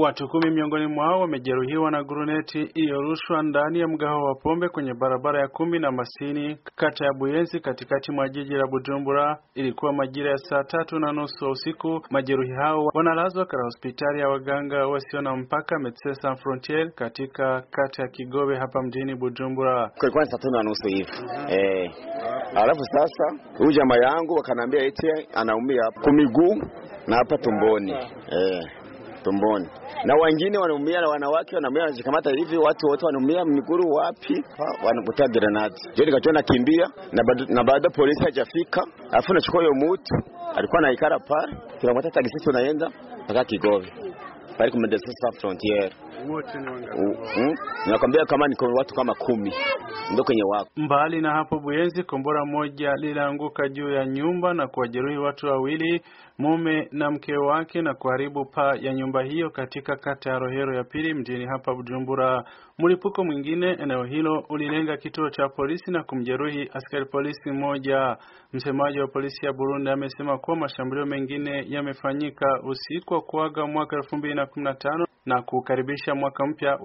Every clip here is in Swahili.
Watu kumi miongoni mwao wamejeruhiwa na guruneti iliyorushwa ndani ya mgahawa wa pombe kwenye barabara ya kumi na Masini, kata ya Buyenzi, katikati mwa jiji la Bujumbura. Ilikuwa majira ya saa tatu na nusu usiku. Majeruhi hao wanalazwa katika hospitali ya waganga wasio na mpaka Medecins Sans Frontieres katika kata ya Kigobe hapa mjini Bujumbura. Kulikuwa ni saa tatu na nusu hivi eh, alafu sasa huyu jamaa yangu wakaniambia eti eh, anaumia kumiguu na hapa tumboni eh tumboni, na wengine wanaumia, na wanawake wanaumia, wanajikamata hivi, watu wote wanaumia. Miguru wapi wanakuta grenade, ndio nikacho nakimbia, na baada polisi hajafika, alafu nachukua hiyo mutu alikuwa naikara pale, tunamwata taksi, tunaenda mpaka Kigobe pale kumedesa frontiere wote ni wangapi? Mm, mm. Nakwambia kama ni watu kama kumi ndio kwenye wako. Mbali na hapo, Buyenzi, kombora moja lilianguka juu ya nyumba na kuwajeruhi watu wawili, mume na mke wake, na kuharibu paa ya nyumba hiyo katika kata ya Rohero ya pili mjini hapa Bujumbura. Mlipuko mwingine eneo hilo ulilenga kituo cha polisi na kumjeruhi askari polisi mmoja. Msemaji wa polisi ya Burundi amesema kuwa mashambulio mengine yamefanyika usiku wa kuaga mwaka 2015 na kukaribisha mwaka mpya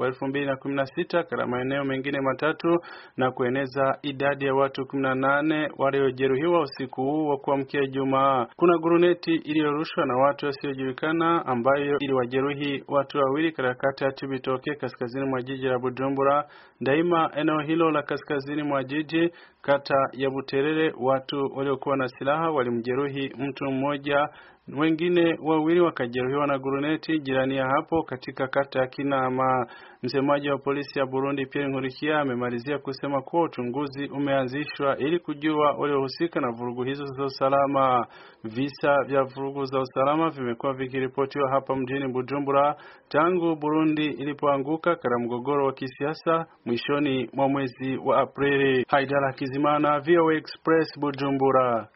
wa sita katika maeneo mengine matatu na kueneza idadi ya watu 18 waliojeruhiwa usiku huu wa kuamkia Jumaa. Kuna guruneti iliyorushwa na watu wasiojulikana ambayo iliwajeruhi watu wawili katika kata ya Cibitoke kaskazini mwa jiji la Bujumbura. Daima eneo hilo la kaskazini mwa jiji, kata ya Buterere, watu waliokuwa na silaha walimjeruhi mtu mmoja, wengine wawili wakajeruhiwa na guruneti jirani ya hapo katika katika kata ya Kinama. Msemaji wa polisi ya Burundi Pierre Nkurikiye amemalizia kusema kuwa uchunguzi umeanzishwa ili kujua waliohusika na vurugu hizo za usalama. Visa vya vurugu za usalama vimekuwa vikiripotiwa hapa mjini Bujumbura tangu Burundi ilipoanguka katika mgogoro wa kisiasa mwishoni mwa mwezi wa Aprili. Haidara Kizimana, VOA Express, Bujumbura.